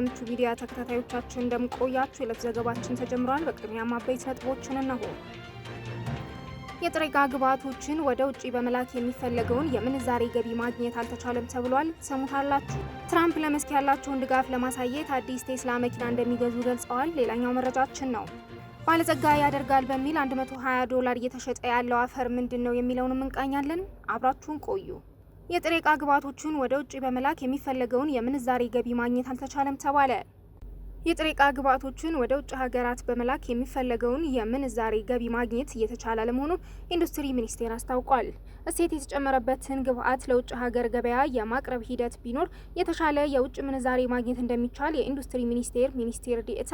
የምቹ ሚዲያ ተከታታዮቻችን እንደምቆያችሁ የዕለት ዘገባችን ተጀምሯል። በቅድሚያ አበይት ነጥቦችን እነሆ። የጥሬ ዕቃ ግብዓቶችን ወደ ውጭ በመላክ የሚፈለገውን የምንዛሬ ገቢ ማግኘት አልተቻለም ተብሏል። ሰሙታላችሁ። ትራምፕ ለመስክ ያላቸውን ድጋፍ ለማሳየት አዲስ ቴስላ መኪና እንደሚገዙ ገልጸዋል። ሌላኛው መረጃችን ነው። ባለጸጋ ያደርጋል በሚል 120 ዶላር እየተሸጠ ያለው አፈር ምንድን ነው የሚለውንም እንቃኛለን። አብራችሁን ቆዩ። የጥሬ ዕቃ ግብዓቶቹን ወደ ውጭ በመላክ የሚፈለገውን የምንዛሬ ገቢ ማግኘት አልተቻለም ተባለ። የጥሬ ዕቃ ግብዓቶችን ወደ ውጭ ሀገራት በመላክ የሚፈለገውን የምንዛሬ ገቢ ማግኘት እየተቻለ ለመሆኑ ኢንዱስትሪ ሚኒስቴር አስታውቋል። እሴት የተጨመረበትን ግብዓት ለውጭ ሀገር ገበያ የማቅረብ ሂደት ቢኖር የተሻለ የውጭ ምንዛሬ ማግኘት እንደሚቻል የኢንዱስትሪ ሚኒስቴር ሚኒስቴር ዴኤታ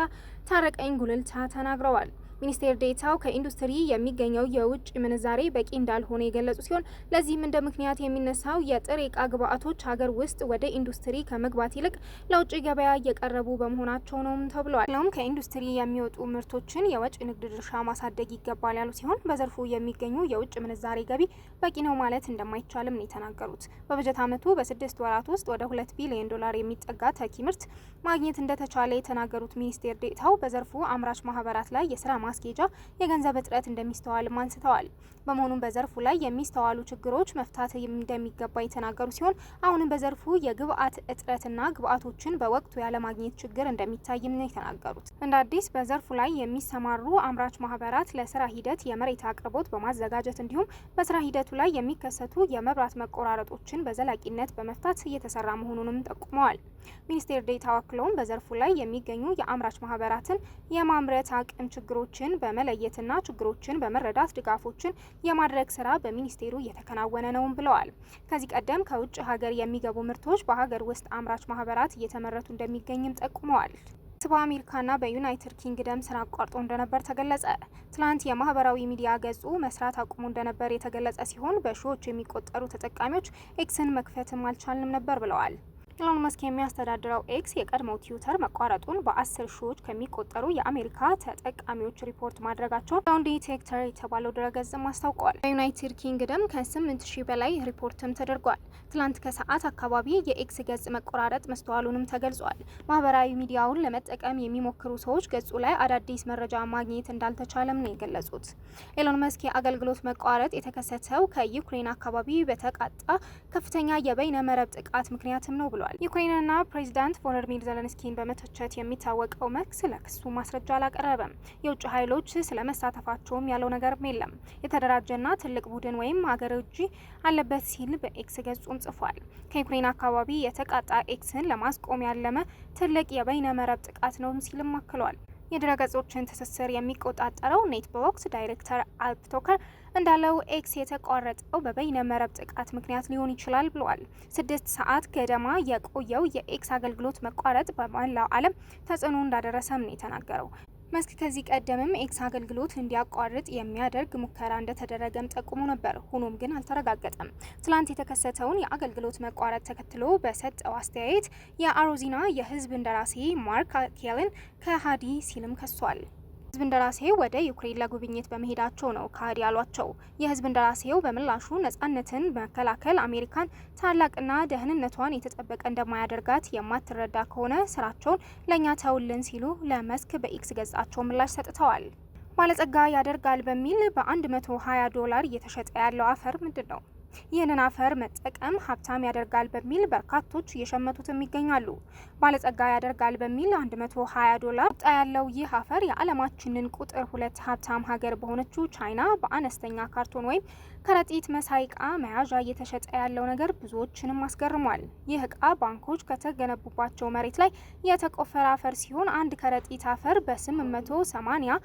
ታረቀኝ ጉልልታ ተናግረዋል። ሚኒስቴር ዴታው ከኢንዱስትሪ የሚገኘው የውጭ ምንዛሬ በቂ እንዳልሆነ የገለጹ ሲሆን ለዚህም እንደ ምክንያት የሚነሳው የጥሬ እቃ ግብአቶች ሀገር ውስጥ ወደ ኢንዱስትሪ ከመግባት ይልቅ ለውጭ ገበያ እየቀረቡ በመሆናቸው ነውም ተብሏል። ለውም ከኢንዱስትሪ የሚወጡ ምርቶችን የወጭ ንግድ ድርሻ ማሳደግ ይገባል ያሉ ሲሆን በዘርፉ የሚገኙ የውጭ ምንዛሬ ገቢ በቂ ነው ማለት እንደማይቻልም ነው የተናገሩት። በበጀት አመቱ በስድስት ወራት ውስጥ ወደ ሁለት ቢሊዮን ዶላር የሚጠጋ ተኪ ምርት ማግኘት እንደተቻለ የተናገሩት ሚኒስቴር ዴታው በዘርፉ አምራች ማህበራት ላይ የስራ ማስኬጃ የገንዘብ እጥረት እንደሚስተዋልም አንስተዋል። በመሆኑም በዘርፉ ላይ የሚስተዋሉ ችግሮች መፍታት እንደሚገባ የተናገሩ ሲሆን አሁንም በዘርፉ የግብአት እጥረትና ግብአቶችን በወቅቱ ያለማግኘት ችግር እንደሚታይም ነው የተናገሩት። እንደ አዲስ በዘርፉ ላይ የሚሰማሩ አምራች ማህበራት ለስራ ሂደት የመሬት አቅርቦት በማዘጋጀት እንዲሁም በስራ ሂደቱ ላይ የሚከሰቱ የመብራት መቆራረጦችን በዘላቂነት በመፍታት እየተሰራ መሆኑንም ጠቁመዋል። ሚኒስቴር ዴታ አክለውም በዘርፉ ላይ የሚገኙ የአምራች ማህበራትን የማምረት አቅም ችግሮች ችግሮችን በመለየትና ችግሮችን በመረዳት ድጋፎችን የማድረግ ስራ በሚኒስቴሩ እየተከናወነ ነውም ብለዋል። ከዚህ ቀደም ከውጭ ሀገር የሚገቡ ምርቶች በሀገር ውስጥ አምራች ማህበራት እየተመረቱ እንደሚገኝም ጠቁመዋል። በአሜሪካና በዩናይትድ ኪንግደም ስራ አቋርጦ እንደነበር ተገለጸ። ትላንት የማህበራዊ ሚዲያ ገጹ መስራት አቁሞ እንደነበር የተገለጸ ሲሆን በሺዎች የሚቆጠሩ ተጠቃሚዎች ኤክስን መክፈትም አልቻልንም ነበር ብለዋል። ኢሎን መስክ የሚያስተዳድረው ኤክስ የቀድሞው ትዊተር መቋረጡን በአስር ሺዎች ከሚቆጠሩ የአሜሪካ ተጠቃሚዎች ሪፖርት ማድረጋቸውን ዳውን ዲቴክተር የተባለው ድረገጽም አስታውቋል። በዩናይትድ ኪንግደም ከስምንት 8 ሺህ በላይ ሪፖርትም ተደርጓል። ትላንት ከሰዓት አካባቢ የኤክስ ገጽ መቆራረጥ መስተዋሉንም ተገልጿል። ማህበራዊ ሚዲያውን ለመጠቀም የሚሞክሩ ሰዎች ገጹ ላይ አዳዲስ መረጃ ማግኘት እንዳልተቻለም ነው የገለጹት። ኢሎን መስክ የአገልግሎት መቋረጥ የተከሰተው ከዩክሬን አካባቢ በተቃጣ ከፍተኛ የበይነ መረብ ጥቃት ምክንያትም ነው ብሏል። ብሏል። ዩክሬንና ፕሬዚዳንት ቮሎዲሚር ዘለንስኪን በመተቸት የሚታወቀው መስክ ስለ ክሱ ማስረጃ አላቀረበም። የውጭ ኃይሎች ስለመሳተፋቸውም ያለው ነገርም የለም። የተደራጀና ትልቅ ቡድን ወይም አገር እጅ አለበት ሲል በኤክስ ገጹም ጽፏል። ከዩክሬን አካባቢ የተቃጣ ኤክስን ለማስቆም ያለመ ትልቅ የበይነ መረብ ጥቃት ነው ሲልም አክሏል። የድረገጾችን ትስስር የሚቆጣጠረው ኔትብሎክስ ዳይሬክተር አልፕ ቶከር እንዳለው ኤክስ የተቋረጠው በበይነ መረብ ጥቃት ምክንያት ሊሆን ይችላል ብለዋል። ስድስት ሰዓት ገደማ የቆየው የኤክስ አገልግሎት መቋረጥ በመላው ዓለም ተጽዕኖ እንዳደረሰም ነው የተናገረው። መስክ ከዚህ ቀደምም ኤክስ አገልግሎት እንዲያቋርጥ የሚያደርግ ሙከራ እንደተደረገም ጠቁሞ ነበር። ሆኖም ግን አልተረጋገጠም። ትላንት የተከሰተውን የአገልግሎት መቋረጥ ተከትሎ በሰጠው አስተያየት የአሮዚና የህዝብ እንደራሴ ማርክ ኬልን ከሃዲ ሲልም ከሷል። የህዝብ እንደራሴው ወደ ዩክሬን ለጉብኝት በመሄዳቸው ነው ካድ ያሏቸው። የህዝብ እንደራሴው በምላሹ ነጻነትን መከላከል አሜሪካን ታላቅና ደህንነቷን የተጠበቀ እንደማያደርጋት የማትረዳ ከሆነ ስራቸውን ለእኛ ተውልን ሲሉ ለመስክ በኤክስ ገጻቸው ምላሽ ሰጥተዋል። ባለጸጋ ያደርጋል በሚል በ120 ዶላር እየተሸጠ ያለው አፈር ምንድን ነው? ይህንን አፈር መጠቀም ሀብታም ያደርጋል በሚል በርካቶች እየሸመቱትም ይገኛሉ። ባለጸጋ ያደርጋል በሚል 120 ዶላር ጣ ያለው ይህ አፈር የዓለማችንን ቁጥር ሁለት ሀብታም ሀገር በሆነችው ቻይና በአነስተኛ ካርቶን ወይም ከረጢት መሳይ እቃ መያዣ እየተሸጠ ያለው ነገር ብዙዎችንም አስገርሟል። ይህ እቃ ባንኮች ከተገነቡባቸው መሬት ላይ የተቆፈረ አፈር ሲሆን አንድ ከረጢት አፈር በ880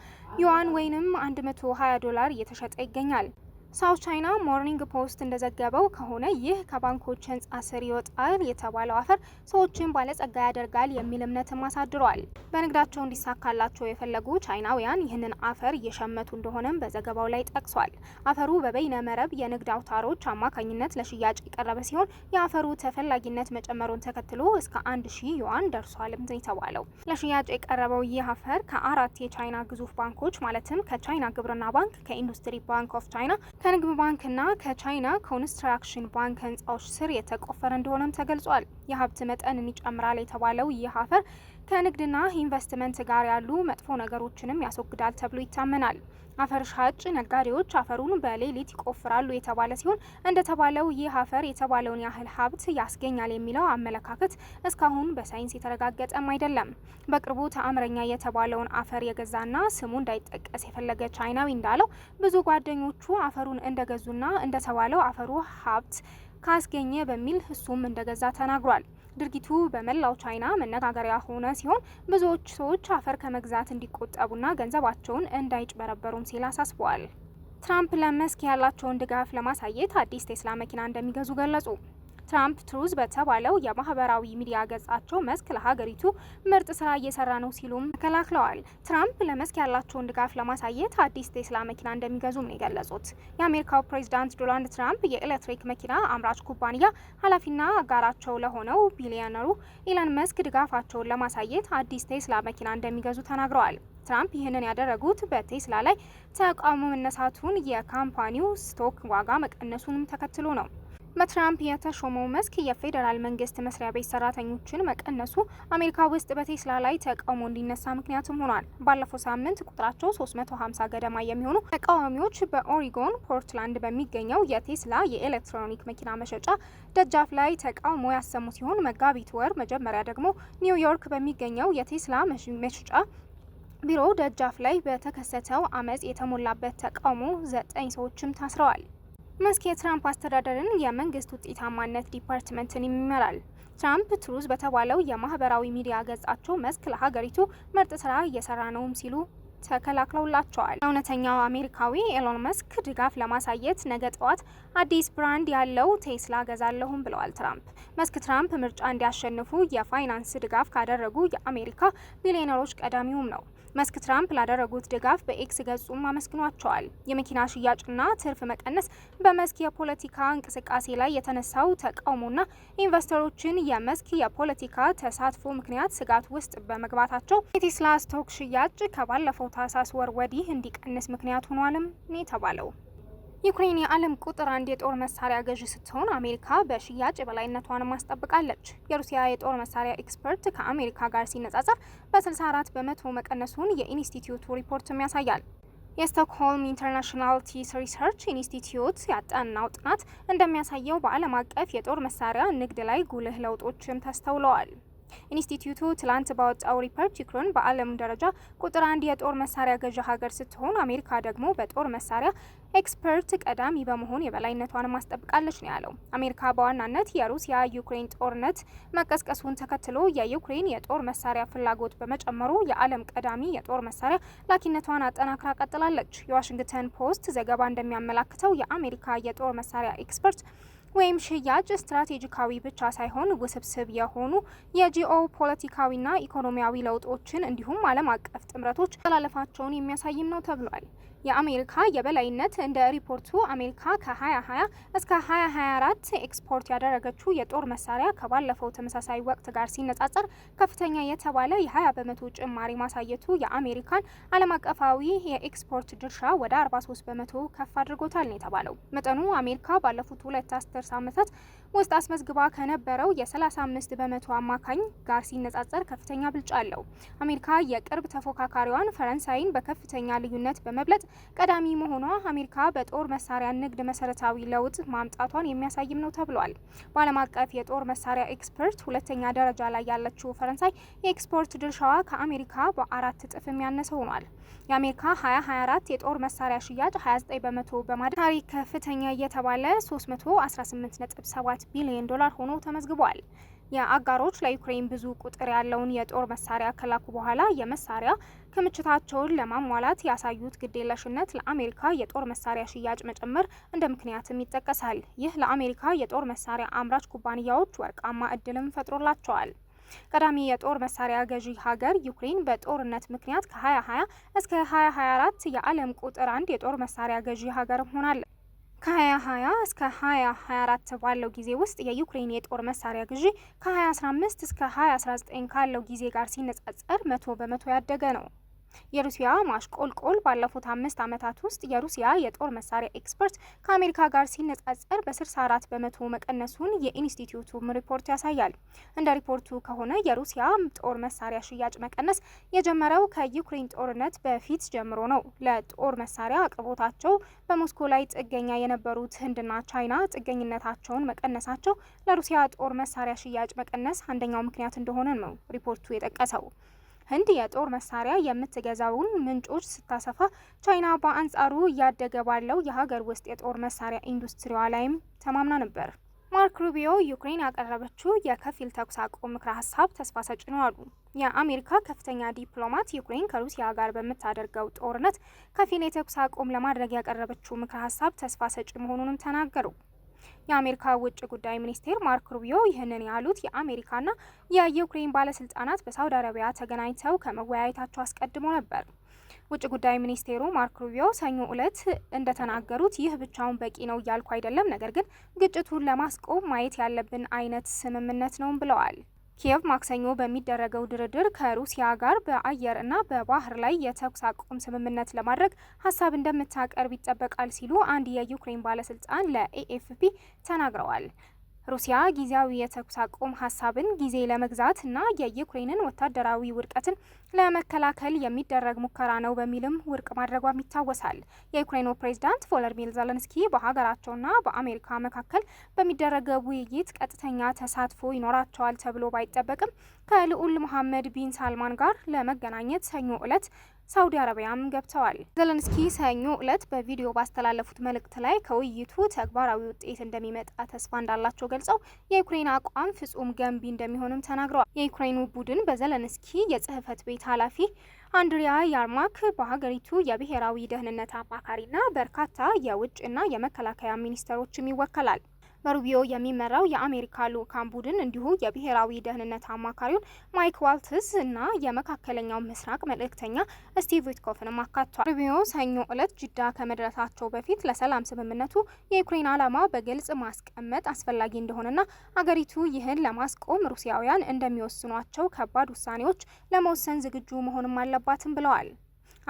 ዩዋን ወይንም 120 ዶላር እየተሸጠ ይገኛል። ሳውት ቻይና ሞርኒንግ ፖስት እንደዘገበው ከሆነ ይህ ከባንኮች ህንፃ ስር ይወጣል የተባለው አፈር ሰዎችን ባለጸጋ ያደርጋል የሚል እምነትም አሳድሯል። በንግዳቸው እንዲሳካላቸው የፈለጉ ቻይናውያን ይህንን አፈር እየሸመቱ እንደሆነም በዘገባው ላይ ጠቅሷል። አፈሩ በበይነ መረብ የንግድ አውታሮች አማካኝነት ለሽያጭ የቀረበ ሲሆን የአፈሩ ተፈላጊነት መጨመሩን ተከትሎ እስከ አንድ ሺህ ዩዋን ደርሷልም የተባለው ለሽያጭ የቀረበው ይህ አፈር ከአራት የቻይና ግዙፍ ባንኮች ማለትም ከቻይና ግብርና ባንክ፣ ከኢንዱስትሪ ባንክ ኦፍ ቻይና ከንግድ ባንክና ከቻይና ኮንስትራክሽን ባንክ ህንፃዎች ስር የተቆፈረ እንደሆነም ተገልጿል። የሀብት መጠንን ይጨምራል የተባለው ይህ አፈር ከንግድና ኢንቨስትመንት ጋር ያሉ መጥፎ ነገሮችንም ያስወግዳል ተብሎ ይታመናል። አፈር ሻጭ ነጋዴዎች አፈሩን በሌሊት ይቆፍራሉ የተባለ ሲሆን እንደተባለው ይህ አፈር የተባለውን ያህል ሀብት ያስገኛል የሚለው አመለካከት እስካሁን በሳይንስ የተረጋገጠም አይደለም። በቅርቡ ተአምረኛ የተባለውን አፈር የገዛና ስሙ እንዳይጠቀስ የፈለገ ቻይናዊ እንዳለው ብዙ ጓደኞቹ አፈሩን እንደገዙና እንደተባለው አፈሩ ሀብት ካስገኘ በሚል እሱም እንደገዛ ተናግሯል። ድርጊቱ በመላው ቻይና መነጋገሪያ ሆነ ሲሆን ብዙዎች ሰዎች አፈር ከመግዛት እንዲቆጠቡና ገንዘባቸውን እንዳይጭበረበሩም ሲል አሳስበዋል። ትራምፕ ለመስክ ያላቸውን ድጋፍ ለማሳየት አዲስ ቴስላ መኪና እንደሚገዙ ገለጹ። ትራምፕ ትሩዝ በተባለው የማህበራዊ ሚዲያ ገጻቸው መስክ ለሀገሪቱ ምርጥ ስራ እየሰራ ነው ሲሉም ተከላክለዋል። ትራምፕ ለመስክ ያላቸውን ድጋፍ ለማሳየት አዲስ ቴስላ መኪና እንደሚገዙም ነው የገለጹት። የአሜሪካው ፕሬዚዳንት ዶናልድ ትራምፕ የኤሌክትሪክ መኪና አምራች ኩባንያ ኃላፊና አጋራቸው ለሆነው ቢሊዮነሩ ኢላን መስክ ድጋፋቸውን ለማሳየት አዲስ ቴስላ መኪና እንደሚገዙ ተናግረዋል። ትራምፕ ይህንን ያደረጉት በቴስላ ላይ ተቃውሞ መነሳቱን የካምፓኒው ስቶክ ዋጋ መቀነሱንም ተከትሎ ነው። በትራምፕ የተሾመው መስክ የፌዴራል መንግስት መስሪያ ቤት ሰራተኞችን መቀነሱ አሜሪካ ውስጥ በቴስላ ላይ ተቃውሞ እንዲነሳ ምክንያትም ሆኗል። ባለፈው ሳምንት ቁጥራቸው 350 ገደማ የሚሆኑ ተቃዋሚዎች በኦሪጎን ፖርትላንድ በሚገኘው የቴስላ የኤሌክትሮኒክ መኪና መሸጫ ደጃፍ ላይ ተቃውሞ ያሰሙ ሲሆን መጋቢት ወር መጀመሪያ ደግሞ ኒውዮርክ በሚገኘው የቴስላ መሸጫ ቢሮ ደጃፍ ላይ በተከሰተው አመፅ የተሞላበት ተቃውሞ ዘጠኝ ሰዎችም ታስረዋል። መስክ የትራምፕ አስተዳደርን የመንግስት ውጤታማነት ዲፓርትመንትን ይመራል። ትራምፕ ትሩዝ በተባለው የማህበራዊ ሚዲያ ገጻቸው መስክ ለሀገሪቱ ምርጥ ስራ እየሰራ ነውም ሲሉ ተከላክለውላቸዋል። እውነተኛው አሜሪካዊ ኤሎን መስክ ድጋፍ ለማሳየት ነገ ጠዋት አዲስ ብራንድ ያለው ቴስላ ገዛለሁም ብለዋል ትራምፕ። መስክ ትራምፕ ምርጫ እንዲያሸንፉ የፋይናንስ ድጋፍ ካደረጉ የአሜሪካ ቢሊዮነሮች ቀዳሚውም ነው። መስክ ትራምፕ ላደረጉት ድጋፍ በኤክስ ገጹም አመስግኗቸዋል። የመኪና ሽያጭና ትርፍ መቀነስ በመስክ የፖለቲካ እንቅስቃሴ ላይ የተነሳው ተቃውሞና ኢንቨስተሮችን የመስክ የፖለቲካ ተሳትፎ ምክንያት ስጋት ውስጥ በመግባታቸው የቴስላ ስቶክ ሽያጭ ከባለፈው ታህሳስ ወር ወዲህ እንዲቀንስ ምክንያት ሆኗልም ነው የተባለው። ዩክሬን የዓለም ቁጥር አንድ የጦር መሳሪያ ገዢ ስትሆን አሜሪካ በሽያጭ የበላይነቷን ማስጠብቃለች። የሩሲያ የጦር መሳሪያ ኤክስፐርት ከአሜሪካ ጋር ሲነጻጸር በ64 በመቶ መቀነሱን የኢንስቲትዩቱ ሪፖርትም ያሳያል። የስቶክሆልም ኢንተርናሽናል ፒስ ሪሰርች ኢንስቲትዩት ያጠናው ጥናት እንደሚያሳየው በዓለም አቀፍ የጦር መሳሪያ ንግድ ላይ ጉልህ ለውጦችም ተስተውለዋል። ኢንስቲትዩቱ ትላንት ባወጣው ሪፖርት ዩክሬን በዓለም ደረጃ ቁጥር አንድ የጦር መሳሪያ ገዢ ሀገር ስትሆን አሜሪካ ደግሞ በጦር መሳሪያ ኤክስፐርት ቀዳሚ በመሆን የበላይነቷን ማስጠብቃለች ነው ያለው። አሜሪካ በዋናነት የሩሲያ ዩክሬን ጦርነት መቀስቀሱን ተከትሎ የዩክሬን የጦር መሳሪያ ፍላጎት በመጨመሩ የዓለም ቀዳሚ የጦር መሳሪያ ላኪነቷን አጠናክራ ቀጥላለች። የዋሽንግተን ፖስት ዘገባ እንደሚያመላክተው የአሜሪካ የጦር መሳሪያ ኤክስፐርት ወይም ሽያጭ ስትራቴጂካዊ ብቻ ሳይሆን ውስብስብ የሆኑ የጂኦ ፖለቲካዊና ኢኮኖሚያዊ ለውጦችን እንዲሁም ዓለም አቀፍ ጥምረቶች ተላለፋቸውን የሚያሳይም ነው ተብሏል። የአሜሪካ የበላይነት እንደ ሪፖርቱ አሜሪካ ከ2020 እስከ 2024 ኤክስፖርት ያደረገችው የጦር መሳሪያ ከባለፈው ተመሳሳይ ወቅት ጋር ሲነጻጸር ከፍተኛ የተባለ የ20 በመቶ ጭማሪ ማሳየቱ የአሜሪካን ዓለም አቀፋዊ የኤክስፖርት ድርሻ ወደ 43 በመቶ ከፍ አድርጎታል ነው የተባለው። መጠኑ አሜሪካ ባለፉት ሁለት አስር ዓመታት ውስጥ አስመዝግባ ከነበረው የ35 በመቶ አማካኝ ጋር ሲነጻጸር ከፍተኛ ብልጫ አለው። አሜሪካ የቅርብ ተፎካካሪዋን ፈረንሳይን በከፍተኛ ልዩነት በመብለጥ ቀዳሚ መሆኗ አሜሪካ በጦር መሳሪያ ንግድ መሰረታዊ ለውጥ ማምጣቷን የሚያሳይም ነው ተብሏል። በዓለም አቀፍ የጦር መሳሪያ ኤክስፐርት ሁለተኛ ደረጃ ላይ ያለችው ፈረንሳይ የኤክስፖርት ድርሻዋ ከአሜሪካ በአራት እጥፍ የሚያነሰ ሆኗል። የአሜሪካ 2024 የጦር መሳሪያ ሽያጭ 29 በመቶ በማደግ ታሪክ ከፍተኛ እየተባለ 318.7 ቢሊዮን ዶላር ሆኖ ተመዝግቧል። የአጋሮች ለዩክሬን ብዙ ቁጥር ያለውን የጦር መሳሪያ ከላኩ በኋላ የመሳሪያ ክምችታቸውን ለማሟላት ያሳዩት ግዴለሽነት ለአሜሪካ የጦር መሳሪያ ሽያጭ መጨመር እንደ ምክንያትም ይጠቀሳል። ይህ ለአሜሪካ የጦር መሳሪያ አምራች ኩባንያዎች ወርቃማ እድልም ፈጥሮላቸዋል። ቀዳሚ የጦር መሳሪያ ገዢ ሀገር ዩክሬን በጦርነት ምክንያት ከ2020 እስከ 2024 የዓለም ቁጥር አንድ የጦር መሳሪያ ገዢ ሀገር ሆናለች። ከ2020 እስከ 2024 ባለው ጊዜ ውስጥ የዩክሬን የጦር መሳሪያ ግዢ ከ2015 እስከ 2019 ካለው ጊዜ ጋር ሲነጻጸር መቶ በመቶ ያደገ ነው። የሩሲያ ማሽቆልቆል ባለፉት አምስት ዓመታት ውስጥ የሩሲያ የጦር መሳሪያ ኤክስፐርት ከአሜሪካ ጋር ሲነጻጸር በ64 በመቶ መቀነሱን የኢንስቲትዩቱ ሪፖርት ያሳያል። እንደ ሪፖርቱ ከሆነ የሩሲያ ጦር መሳሪያ ሽያጭ መቀነስ የጀመረው ከዩክሬን ጦርነት በፊት ጀምሮ ነው። ለጦር መሳሪያ አቅርቦታቸው በሞስኮ ላይ ጥገኛ የነበሩት ህንድና ቻይና ጥገኝነታቸውን መቀነሳቸው ለሩሲያ ጦር መሳሪያ ሽያጭ መቀነስ አንደኛው ምክንያት እንደሆነ ነው ሪፖርቱ የጠቀሰው። ህንድ የጦር መሳሪያ የምትገዛውን ምንጮች ስታሰፋ፣ ቻይና በአንጻሩ እያደገ ባለው የሀገር ውስጥ የጦር መሳሪያ ኢንዱስትሪዋ ላይም ተማምና ነበር። ማርክ ሩቢዮ ዩክሬን ያቀረበችው የከፊል ተኩስ አቁም ምክረ ሀሳብ ተስፋ ሰጭ ነው አሉ። የአሜሪካ ከፍተኛ ዲፕሎማት ዩክሬን ከሩሲያ ጋር በምታደርገው ጦርነት ከፊል የተኩስ አቁም ለማድረግ ያቀረበችው ምክረ ሀሳብ ተስፋ ሰጭ መሆኑንም ተናገሩ። የአሜሪካ ውጭ ጉዳይ ሚኒስቴር ማርክ ሩቢዮ ይህንን ያሉት የአሜሪካና የዩክሬን ባለስልጣናት በሳውዲ አረቢያ ተገናኝተው ከመወያየታቸው አስቀድሞ ነበር። ውጭ ጉዳይ ሚኒስቴሩ ማርክ ሩቢዮ ሰኞ ዕለት እንደተናገሩት ይህ ብቻውን በቂ ነው እያልኩ አይደለም፣ ነገር ግን ግጭቱን ለማስቆም ማየት ያለብን አይነት ስምምነት ነው ብለዋል። ኪየቭ ማክሰኞ በሚደረገው ድርድር ከሩሲያ ጋር በአየር እና በባህር ላይ የተኩስ አቁም ስምምነት ለማድረግ ሀሳብ እንደምታቀርብ ይጠበቃል ሲሉ አንድ የዩክሬን ባለስልጣን ለኤኤፍፒ ተናግረዋል። ሩሲያ ጊዜያዊ የተኩስ አቁም ሀሳብን ጊዜ ለመግዛት እና የዩክሬንን ወታደራዊ ውድቀትን ለመከላከል የሚደረግ ሙከራ ነው በሚልም ውድቅ ማድረጓም ይታወሳል። የዩክሬኑ ፕሬዝዳንት ቮሎዲሚር ዘለንስኪ በሀገራቸውና በአሜሪካ መካከል በሚደረገው ውይይት ቀጥተኛ ተሳትፎ ይኖራቸዋል ተብሎ ባይጠበቅም ከልዑል መሐመድ ቢን ሳልማን ጋር ለመገናኘት ሰኞ ዕለት ሳውዲ አረቢያም ገብተዋል። ዘለንስኪ ሰኞ እለት በቪዲዮ ባስተላለፉት መልእክት ላይ ከውይይቱ ተግባራዊ ውጤት እንደሚመጣ ተስፋ እንዳላቸው ገልጸው የዩክሬን አቋም ፍጹም ገንቢ እንደሚሆንም ተናግረዋል። የዩክሬኑ ቡድን በዘለንስኪ የጽህፈት ቤት ኃላፊ አንድሪያ ያርማክ በሀገሪቱ የብሔራዊ ደህንነት አማካሪና በርካታ የውጭና የመከላከያ ሚኒስትሮችም ይወከላል። በሩቢዮ የሚመራው የአሜሪካ ልዑካን ቡድን እንዲሁ የብሔራዊ ደህንነት አማካሪውን ማይክ ዋልትስ እና የመካከለኛው ምስራቅ መልእክተኛ ስቲቭ ዊትኮፍንም አካቷል። ሩቢዮ ሰኞ እለት ጅዳ ከመድረሳቸው በፊት ለሰላም ስምምነቱ የዩክሬን ዓላማ በግልጽ ማስቀመጥ አስፈላጊ እንደሆነና አገሪቱ ይህን ለማስቆም ሩሲያውያን እንደሚወስኗቸው ከባድ ውሳኔዎች ለመወሰን ዝግጁ መሆንም አለባትም ብለዋል።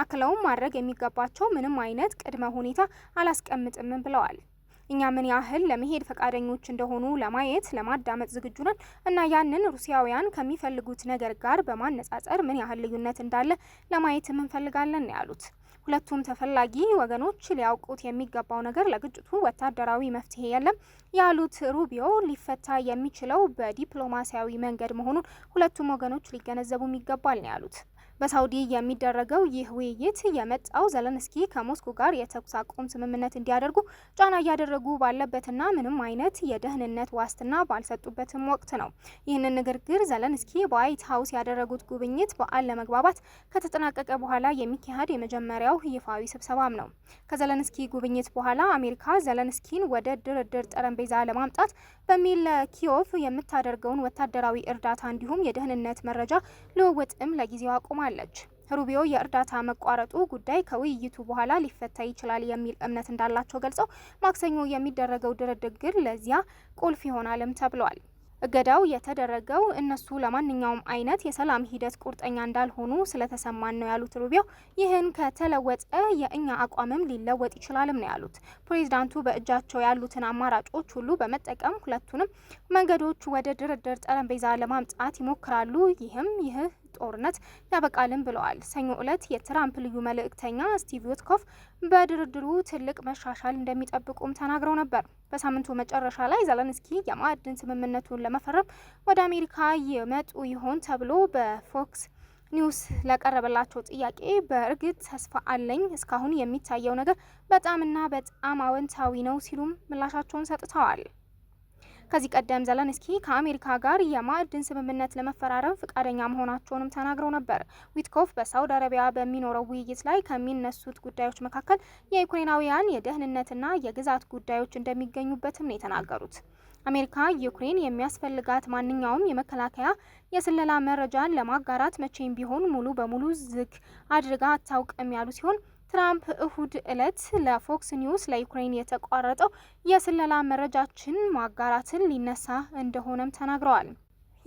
አክለውም ማድረግ የሚገባቸው ምንም አይነት ቅድመ ሁኔታ አላስቀምጥም ብለዋል። እኛ ምን ያህል ለመሄድ ፈቃደኞች እንደሆኑ ለማየት ለማዳመጥ ዝግጁ ነን እና ያንን ሩሲያውያን ከሚፈልጉት ነገር ጋር በማነጻጸር ምን ያህል ልዩነት እንዳለ ለማየትም እንፈልጋለን ነው ያሉት። ሁለቱም ተፈላጊ ወገኖች ሊያውቁት የሚገባው ነገር ለግጭቱ ወታደራዊ መፍትሄ የለም ያሉት ሩቢዮ ሊፈታ የሚችለው በዲፕሎማሲያዊ መንገድ መሆኑን ሁለቱም ወገኖች ሊገነዘቡም ይገባል ነው ያሉት። በሳውዲ የሚደረገው ይህ ውይይት የመጣው ዘለንስኪ ከሞስኮ ጋር የተኩስ አቁም ስምምነት እንዲያደርጉ ጫና እያደረጉ ባለበትና ምንም አይነት የደህንነት ዋስትና ባልሰጡበትም ወቅት ነው። ይህንን ንግግር ዘለንስኪ በዋይት ሀውስ ያደረጉት ጉብኝት በዓል ለመግባባት ከተጠናቀቀ በኋላ የሚካሄድ የመጀመሪያው ይፋዊ ስብሰባም ነው። ከዘለንስኪ ጉብኝት በኋላ አሜሪካ ዘለንስኪን ወደ ድርድር ጠረጴዛ ለማምጣት በሚል ኪዮቭ የምታደርገውን ወታደራዊ እርዳታ እንዲሁም የደህንነት መረጃ ልውውጥም ለጊዜው አቁማለች። ሩቢዮ የእርዳታ መቋረጡ ጉዳይ ከውይይቱ በኋላ ሊፈታ ይችላል የሚል እምነት እንዳላቸው ገልጸው ማክሰኞ የሚደረገው ድርድር ግን ለዚያ ቁልፍ ይሆናልም ተብሏል። እገዳው የተደረገው እነሱ ለማንኛውም አይነት የሰላም ሂደት ቁርጠኛ እንዳልሆኑ ስለተሰማን ነው ያሉት ሩቢዮ፣ ይህን ከተለወጠ የእኛ አቋምም ሊለወጥ ይችላልም ነው ያሉት። ፕሬዚዳንቱ በእጃቸው ያሉትን አማራጮች ሁሉ በመጠቀም ሁለቱንም መንገዶች ወደ ድርድር ጠረጴዛ ለማምጣት ይሞክራሉ። ይህም ይህ ጦርነት ያበቃልን ብለዋል። ሰኞ ዕለት የትራምፕ ልዩ መልእክተኛ ስቲቭ ዊትኮፍ በድርድሩ ትልቅ መሻሻል እንደሚጠብቁም ተናግረው ነበር። በሳምንቱ መጨረሻ ላይ ዘለንስኪ የማዕድን ስምምነቱን ለመፈረም ወደ አሜሪካ የመጡ ይሆን ተብሎ በፎክስ ኒውስ ለቀረበላቸው ጥያቄ በእርግጥ ተስፋ አለኝ፣ እስካሁን የሚታየው ነገር በጣምና በጣም አወንታዊ ነው ሲሉም ምላሻቸውን ሰጥተዋል። ከዚህ ቀደም ዘለንስኪ ከአሜሪካ ጋር የማዕድን ስምምነት ለመፈራረም ፈቃደኛ መሆናቸውንም ተናግረው ነበር። ዊትኮፍ በሳውዲ አረቢያ በሚኖረው ውይይት ላይ ከሚነሱት ጉዳዮች መካከል የዩክሬናውያን የደህንነትና የግዛት ጉዳዮች እንደሚገኙበትም ነው የተናገሩት። አሜሪካ ዩክሬን የሚያስፈልጋት ማንኛውም የመከላከያ የስለላ መረጃን ለማጋራት መቼም ቢሆን ሙሉ በሙሉ ዝግ አድርጋ አታውቅም ያሉ ሲሆን ትራምፕ እሁድ ዕለት ለፎክስ ኒውስ ለዩክሬን የተቋረጠው የስለላ መረጃችን ማጋራትን ሊነሳ እንደሆነም ተናግረዋል።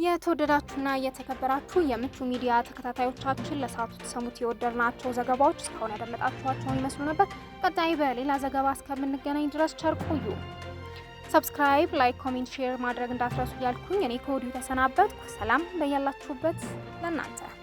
የተወደዳችሁና የተከበራችሁ የምቹ ሚዲያ ተከታታዮቻችን ለሰዓቱ ተሰሙት የወደድናቸው ዘገባዎች እስካሁን ያደመጣችኋቸውን ይመስሉ ነበር። ቀጣይ በሌላ ዘገባ እስከምንገናኝ ድረስ ቸር ቆዩ። ሰብስክራይብ፣ ላይክ፣ ኮሜንት፣ ሼር ማድረግ እንዳትረሱ እያልኩኝ እኔ ከወዲሁ ተሰናበትኩ። ሰላም በያላችሁበት ለእናንተ